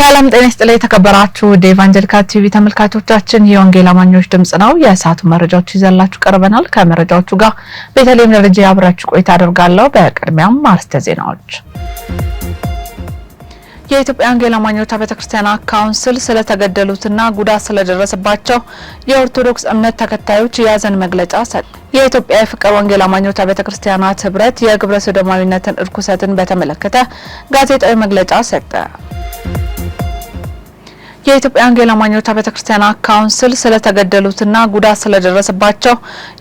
ሰላም ጤና ይስጥልኝ። የተከበራችሁ ወደ ኢቫንጀሊካል ቲቪ ተመልካቾቻችን የወንጌል አማኞች ድምጽ ነው። የሰዓቱ መረጃዎች ይዘላችሁ ቀርበናል። ከመረጃዎቹ ጋር በተለይም ደረጃ አብራችሁ ቆይታ አደርጋለሁ። በቅድሚያም አርዕስተ ዜናዎች የኢትዮጵያ ወንጌል አማኞች ቤተ ክርስቲያናት ካውንስል ስለተገደሉትና ጉዳት ስለደረሰባቸው የኦርቶዶክስ እምነት ተከታዮች የያዘን መግለጫ ሰጥ የኢትዮጵያ የፍቅር ወንጌል አማኞች ቤተ ክርስቲያናት ህብረት የግብረ ሰዶማዊነትን እርኩሰትን በተመለከተ ጋዜጣዊ መግለጫ ሰጠ። የኢትዮጵያ ወንጌል አማኞች አብያተ ክርስቲያናት ካውንስል ስለተገደሉትና ጉዳት ስለደረሰባቸው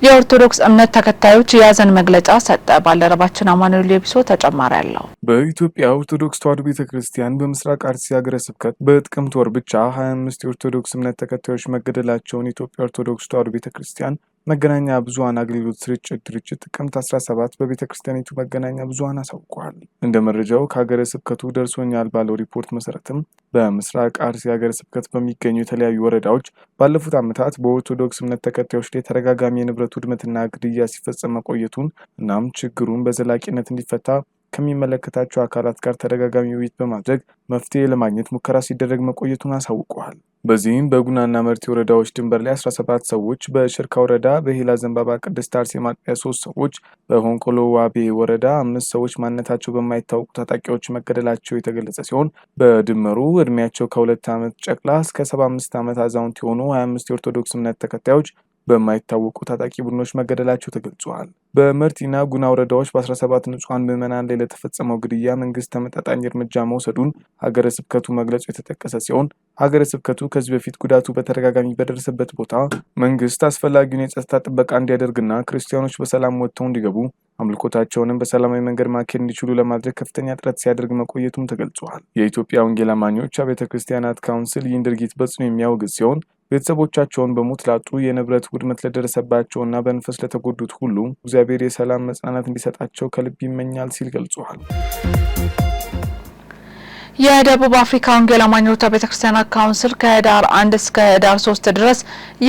የኦርቶዶክስ እምነት ተከታዮች የያዘን መግለጫ ሰጠ። ባልደረባችን አማኑኤል የቢሶ ተጨማሪ አለው። በኢትዮጵያ ኦርቶዶክስ ተዋሕዶ ቤተ ክርስቲያን በምስራቅ አርሲ ሀገረ ስብከት በጥቅምት ወር ብቻ 25 የኦርቶዶክስ እምነት ተከታዮች መገደላቸውን የኢትዮጵያ ኦርቶዶክስ ተዋሕዶ ቤተ ክርስቲያን መገናኛ ብዙኃን አገልግሎት ስርጭት ድርጅት ጥቅምት 17 በቤተ ክርስቲያኒቱ መገናኛ ብዙኃን አሳውቋል። እንደ መረጃው ከሀገረ ስብከቱ ደርሶኛል ባለው ሪፖርት መሰረትም በምስራቅ አርሲ ሀገረ ስብከት በሚገኙ የተለያዩ ወረዳዎች ባለፉት ዓመታት በኦርቶዶክስ እምነት ተከታዮች ላይ ተደጋጋሚ የንብረት ውድመትና ግድያ ሲፈጸም መቆየቱን እናም ችግሩን በዘላቂነት እንዲፈታ ከሚመለከታቸው አካላት ጋር ተደጋጋሚ ውይይት በማድረግ መፍትሄ ለማግኘት ሙከራ ሲደረግ መቆየቱን አሳውቀዋል። በዚህም በጉናና መርቲ ወረዳዎች ድንበር ላይ 17 ሰዎች፣ በሽርካ ወረዳ በሄላ ዘንባባ ቅድስት አርሴ ማጥቢያ ሶስት ሰዎች፣ በሆንቆሎ ዋቤ ወረዳ አምስት ሰዎች ማንነታቸው በማይታወቁ ታጣቂዎች መገደላቸው የተገለጸ ሲሆን በድምሩ እድሜያቸው ከሁለት ዓመት ጨቅላ እስከ 75 ዓመት አዛውንት የሆኑ 25 የኦርቶዶክስ እምነት ተከታዮች በማይታወቁ ታጣቂ ቡድኖች መገደላቸው ተገልጿል። በመርቲና ጉና ወረዳዎች በ17 ንጹሐን ምዕመናን ላይ ለተፈጸመው ግድያ መንግስት ተመጣጣኝ እርምጃ መውሰዱን ሀገረ ስብከቱ መግለጹ የተጠቀሰ ሲሆን ሀገረ ስብከቱ ከዚህ በፊት ጉዳቱ በተደጋጋሚ በደረሰበት ቦታ መንግስት አስፈላጊውን የጸጥታ ጥበቃ እንዲያደርግና ክርስቲያኖች በሰላም ወጥተው እንዲገቡ አምልኮታቸውንም በሰላማዊ መንገድ ማካሄድ እንዲችሉ ለማድረግ ከፍተኛ ጥረት ሲያደርግ መቆየቱም ተገልጿል። የኢትዮጵያ ወንጌል አማኞች አብያተ ክርስቲያናት ካውንስል ይህን ድርጊት በጽኑ የሚያወግዝ ሲሆን ቤተሰቦቻቸውን በሞት ላጡ፣ የንብረት ውድመት ለደረሰባቸውና በንፈስ ለተጎዱት ሁሉ እግዚአብሔር የሰላም መጽናናት እንዲሰጣቸው ከልብ ይመኛል ሲል ገልጿል። የደቡብ አፍሪካ ወንጌል አማኞች ቤተክርስቲያናት ካውንስል ከህዳር አንድ እስከ ህዳር ሶስት ድረስ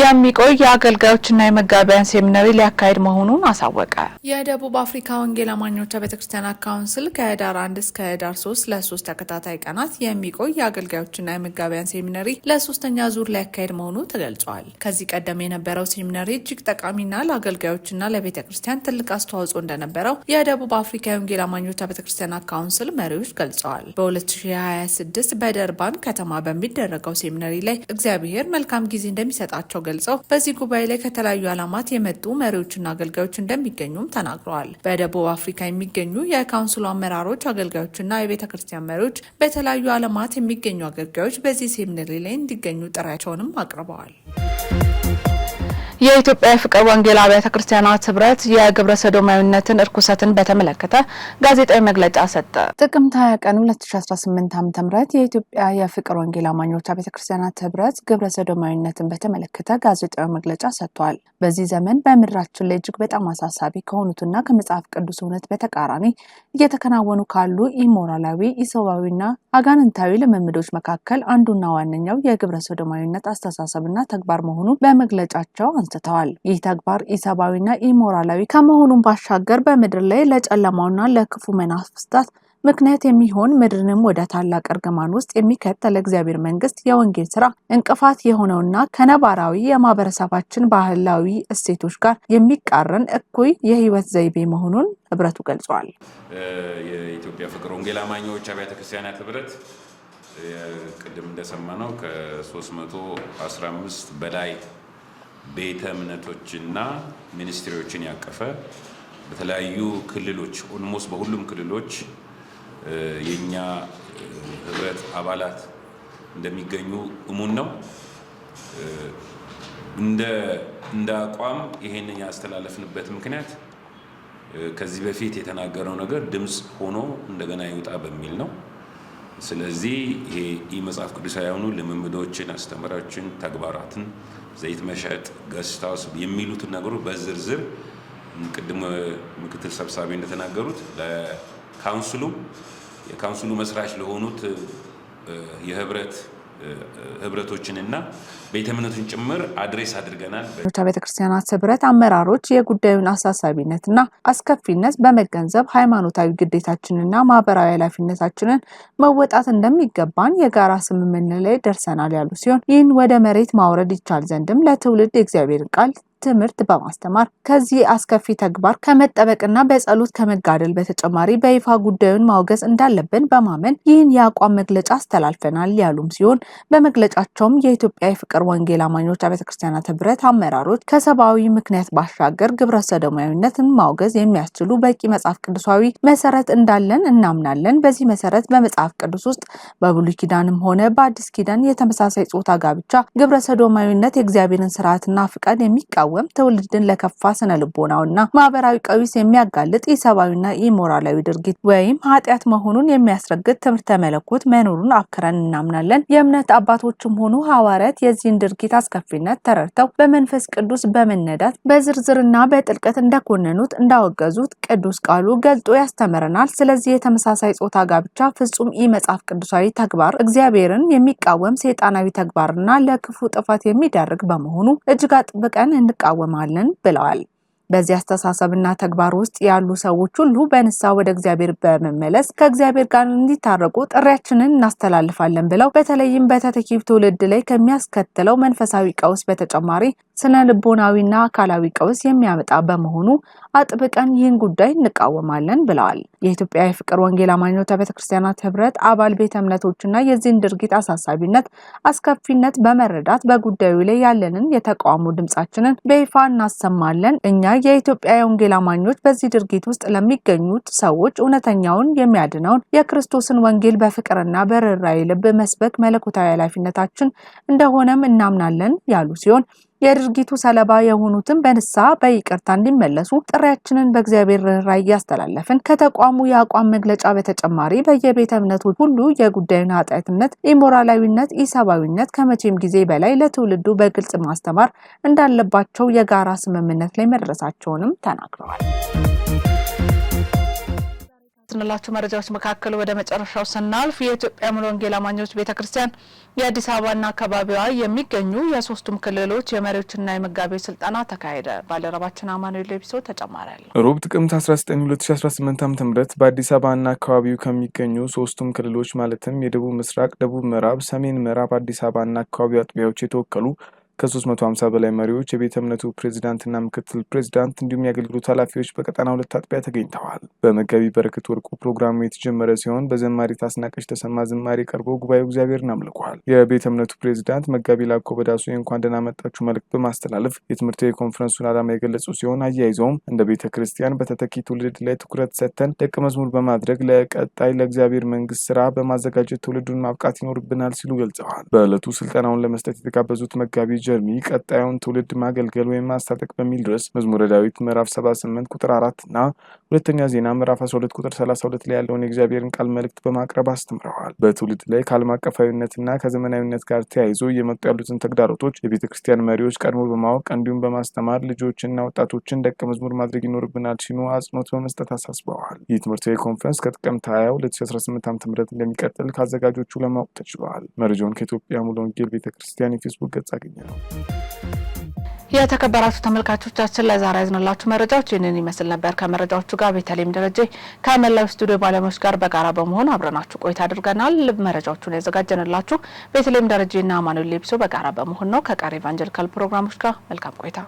የሚቆይ የአገልጋዮችና የመጋቢያን ሴሚናሪ ሊያካሄድ መሆኑን አሳወቀ። የደቡብ አፍሪካ ወንጌል አማኞች ቤተክርስቲያናት ካውንስል ከህዳር አንድ እስከ ህዳር ሶስት ለሶስት ተከታታይ ቀናት የሚቆይ የአገልጋዮችና የመጋቢያን ሴሚናሪ ለሶስተኛ ዙር ሊያካሄድ መሆኑ ተገልጿል። ከዚህ ቀደም የነበረው ሴሚናሪ እጅግ ጠቃሚና ለአገልጋዮችና ለቤተ ክርስቲያን ትልቅ አስተዋጽኦ እንደነበረው የደቡብ አፍሪካ የወንጌል አማኞች ቤተክርስቲያናት ካውንስል መሪዎች ገልጸዋል። በ 2026 በደርባን ከተማ በሚደረገው ሴሚነሪ ላይ እግዚአብሔር መልካም ጊዜ እንደሚሰጣቸው ገልጸው በዚህ ጉባኤ ላይ ከተለያዩ ዓላማት የመጡ መሪዎችና አገልጋዮች እንደሚገኙም ተናግረዋል። በደቡብ አፍሪካ የሚገኙ የካውንስሉ አመራሮች፣ አገልጋዮችና የቤተ ክርስቲያን መሪዎች በተለያዩ ዓለማት የሚገኙ አገልጋዮች በዚህ ሴሚነሪ ላይ እንዲገኙ ጥሪያቸውንም አቅርበዋል። የኢትዮጵያ የፍቅር ወንጌል አብያተ ክርስቲያናት ህብረት የግብረ ሰዶማዊነትን እርኩሰትን በተመለከተ ጋዜጣዊ መግለጫ ሰጠ። ጥቅምት 20 ቀን 2018 ዓ ም የኢትዮጵያ የፍቅር ወንጌል አማኞች አብያተ ክርስቲያናት ህብረት ግብረ ሰዶማዊነትን በተመለከተ ጋዜጣዊ መግለጫ ሰጥቷል። በዚህ ዘመን በምድራችን ላይ እጅግ በጣም አሳሳቢ ከሆኑትና ከመጽሐፍ ቅዱስ እውነት በተቃራኒ እየተከናወኑ ካሉ ኢሞራላዊ፣ ኢሰብአዊና አጋንንታዊ ልምምዶች መካከል አንዱና ዋነኛው የግብረ ሰዶማዊነት አስተሳሰብና ተግባር መሆኑን በመግለጫቸው አንስተዋል። ይህ ተግባር ኢሰብአዊና ኢሞራላዊ ከመሆኑን ባሻገር በምድር ላይ ለጨለማውና ለክፉ መናፍስታት ምክንያት የሚሆን ምድርንም ወደ ታላቅ እርግማን ውስጥ የሚከተል እግዚአብሔር መንግስት የወንጌል ስራ እንቅፋት የሆነውና ከነባራዊ የማህበረሰባችን ባህላዊ እሴቶች ጋር የሚቃረን እኩይ የህይወት ዘይቤ መሆኑን ህብረቱ ገልጿል። የኢትዮጵያ ፍቅር ወንጌል አማኞች አብያተ ክርስቲያናት ህብረት ቅድም እንደሰማነው ከ315 በላይ ቤተ እምነቶችና ሚኒስትሪዎችን ያቀፈ በተለያዩ ክልሎች ኦልሞስት በሁሉም ክልሎች የእኛ ህብረት አባላት እንደሚገኙ እሙን ነው። እንደ አቋም ይሄንን ያስተላለፍንበት ምክንያት ከዚህ በፊት የተናገረው ነገር ድምፅ ሆኖ እንደገና ይውጣ በሚል ነው። ስለዚህ ይሄ መጽሐፍ ቅዱሳዊ የሆኑ ልምምዶችን፣ አስተምራችን፣ ተግባራትን ዘይት መሸጥ፣ ገስት ሃውስ የሚሉትን ነገሮች በዝርዝር ቅድም ምክትል ሰብሳቢ እንደተናገሩት ለካውንስሉ የካውንስሉ መስራች ለሆኑት የህብረት ህብረቶችንና ቤተ እምነቱን ጭምር አድሬስ አድርገናል። ቤተ ክርስቲያናት ህብረት አመራሮች የጉዳዩን አሳሳቢነትና አስከፊነት በመገንዘብ ሃይማኖታዊ ግዴታችንና ማህበራዊ ኃላፊነታችንን መወጣት እንደሚገባን የጋራ ስምምነት ላይ ደርሰናል ያሉ ሲሆን ይህን ወደ መሬት ማውረድ ይቻል ዘንድም ለትውልድ የእግዚአብሔር ቃል ትምህርት በማስተማር ከዚህ አስከፊ ተግባር ከመጠበቅና በጸሎት ከመጋደል በተጨማሪ በይፋ ጉዳዩን ማውገዝ እንዳለብን በማመን ይህን የአቋም መግለጫ አስተላልፈናል ያሉም ሲሆን በመግለጫቸውም የኢትዮጵያ የፍቅር ወንጌል አማኞች አብያተ ክርስቲያናት ህብረት አመራሮች ከሰብአዊ ምክንያት ባሻገር ግብረ ሰዶማዊነትን ማውገዝ የሚያስችሉ በቂ መጽሐፍ ቅዱሳዊ መሰረት እንዳለን እናምናለን። በዚህ መሰረት በመጽሐፍ ቅዱስ ውስጥ በብሉይ ኪዳንም ሆነ በአዲስ ኪዳን የተመሳሳይ ጾታ ጋብቻ፣ ግብረ ሰዶማዊነት የእግዚአብሔርን ስርዓትና ፍቃድ የሚቃወ የሚቃወም ትውልድን ለከፋ ስነ ልቦናውና ማህበራዊ ቀውስ የሚያጋልጥ የሰብአዊና የሞራላዊ ድርጊት ወይም ኃጢአት መሆኑን የሚያስረግጥ ትምህርተ መለኮት መኖሩን አክረን እናምናለን። የእምነት አባቶችም ሆኑ ሐዋርያት የዚህን ድርጊት አስከፊነት ተረድተው በመንፈስ ቅዱስ በመነዳት በዝርዝርና በጥልቀት እንደኮነኑት እንዳወገዙት ቅዱስ ቃሉ ገልጦ ያስተምረናል። ስለዚህ የተመሳሳይ ጾታ ጋብቻ ፍጹም ኢ መጽሐፍ ቅዱሳዊ ተግባር እግዚአብሔርን የሚቃወም ሰይጣናዊ ተግባርና ለክፉ ጥፋት የሚዳርግ በመሆኑ እጅግ አጥብቀን እንቃወማለን ብለዋል። በዚህ አስተሳሰብና ተግባር ውስጥ ያሉ ሰዎች ሁሉ በንስሐ ወደ እግዚአብሔር በመመለስ ከእግዚአብሔር ጋር እንዲታረቁ ጥሪያችንን እናስተላልፋለን ብለው በተለይም በተተኪ ትውልድ ላይ ከሚያስከትለው መንፈሳዊ ቀውስ በተጨማሪ ስነ ልቦናዊና አካላዊ ቀውስ የሚያመጣ በመሆኑ አጥብቀን ይህን ጉዳይ እንቃወማለን ብለዋል። የኢትዮጵያ የፍቅር ወንጌል አማኞች ቤተ ክርስቲያናት ህብረት አባል ቤተ እምነቶችና የዚህን ድርጊት አሳሳቢነት፣ አስከፊነት በመረዳት በጉዳዩ ላይ ያለንን የተቃውሞ ድምጻችንን በይፋ እናሰማለን እኛ የኢትዮጵያ የወንጌል አማኞች በዚህ ድርጊት ውስጥ ለሚገኙት ሰዎች እውነተኛውን የሚያድነውን የክርስቶስን ወንጌል በፍቅርና በርራይ ልብ መስበክ መለኮታዊ ኃላፊነታችን እንደሆነም እናምናለን ያሉ ሲሆን የድርጊቱ ሰለባ የሆኑትም በንሳ በይቅርታ እንዲመለሱ ጥሪያችንን በእግዚአብሔር ርኅራኄ እያስተላለፍን ከተቋሙ የአቋም መግለጫ በተጨማሪ በየቤተ እምነቶች ሁሉ የጉዳዩን ኃጢአትነት፣ ኢሞራላዊነት፣ ኢሰብአዊነት ከመቼም ጊዜ በላይ ለትውልዱ በግልጽ ማስተማር እንዳለባቸው የጋራ ስምምነት ላይ መድረሳቸውንም ተናግረዋል። ከሚተነትንላቸው መረጃዎች መካከል ወደ መጨረሻው ስናልፍ የኢትዮጵያ ሙሉ ወንጌል አማኞች ቤተ ክርስቲያን የአዲስ አበባና አካባቢዋ የሚገኙ የሶስቱም ክልሎች የመሪዎችና የመጋቢዎች ስልጠና ተካሄደ። ባልደረባችን አማኑኤል ሌቢሶ ተጨማሪ ያለው ሮብ ጥቅምት 192018 ዓ ም በአዲስ አበባና አካባቢው ከሚገኙ ሶስቱም ክልሎች ማለትም የደቡብ ምስራቅ፣ ደቡብ ምዕራብ፣ ሰሜን ምዕራብ አዲስ አበባና አካባቢው አጥቢያዎች የተወከሉ ከ350 በላይ መሪዎች፣ የቤተ እምነቱ ፕሬዚዳንትና ምክትል ፕሬዚዳንት እንዲሁም የአገልግሎት ኃላፊዎች በቀጠና ሁለት አጥቢያ ተገኝተዋል። በመጋቢ በረከት ወርቁ ፕሮግራሙ የተጀመረ ሲሆን በዘማሪ ታስናቀች ተሰማ ዝማሬ ቀርቦ ጉባኤው እግዚአብሔርን አምልኳል። የቤተ እምነቱ ፕሬዚዳንት መጋቢ ላኮ በዳሱ እንኳን ደህና መጣችሁ መልእክት በማስተላለፍ የትምህርት የኮንፈረንሱን ዓላማ የገለጹ ሲሆን አያይዘውም እንደ ቤተ ክርስቲያን በተተኪ ትውልድ ላይ ትኩረት ሰጥተን ደቀ መዝሙር በማድረግ ለቀጣይ ለእግዚአብሔር መንግስት ስራ በማዘጋጀት ትውልዱን ማብቃት ይኖርብናል ሲሉ ገልጸዋል። በዕለቱ ስልጠናውን ለመስጠት የተጋበዙት መጋቢ ጀርሚ ቀጣዩን ትውልድ ማገልገል ወይም ማስታጠቅ በሚል ድረስ መዝሙረ ዳዊት ምዕራፍ 78 ቁጥር 4 እና ሁለተኛ ዜና ምዕራፍ 12 ቁጥር 32 ላይ ያለውን የእግዚአብሔርን ቃል መልእክት በማቅረብ አስተምረዋል። በትውልድ ላይ ከዓለም አቀፋዊነትና ከዘመናዊነት ጋር ተያይዞ እየመጡ ያሉትን ተግዳሮቶች የቤተ ክርስቲያን መሪዎች ቀድሞ በማወቅ እንዲሁም በማስተማር ልጆችና ወጣቶችን ደቀ መዝሙር ማድረግ ይኖርብናል ሲሉ አጽንኦት በመስጠት አሳስበዋል። ይህ ትምህርታዊ ኮንፈረንስ ከጥቅምት 20 2018 ዓ ም እንደሚቀጥል ከአዘጋጆቹ ለማወቅ ተችሏል። መረጃውን ከኢትዮጵያ ሙሉ ወንጌል ቤተ ክርስቲያን የፌስቡክ ገጽ አገኘ ነው። የተከበራችሁ ተመልካቾቻችን ለዛሬ ያዝንላችሁ መረጃዎች ይህንን ይመስል ነበር። ከመረጃዎቹ ጋር ቤተልሔም ደረጀ ከመላው ስቱዲዮ ባለሙያዎች ጋር በጋራ በመሆን አብረናችሁ ቆይታ አድርገናል። ልብ መረጃዎቹን ያዘጋጀንላችሁ ቤተልሔም ደረጀና አማኑኤል ሌብሶ በጋራ በመሆን ነው። ከቀሪ ኢቫንጀሊካል ፕሮግራሞች ጋር መልካም ቆይታ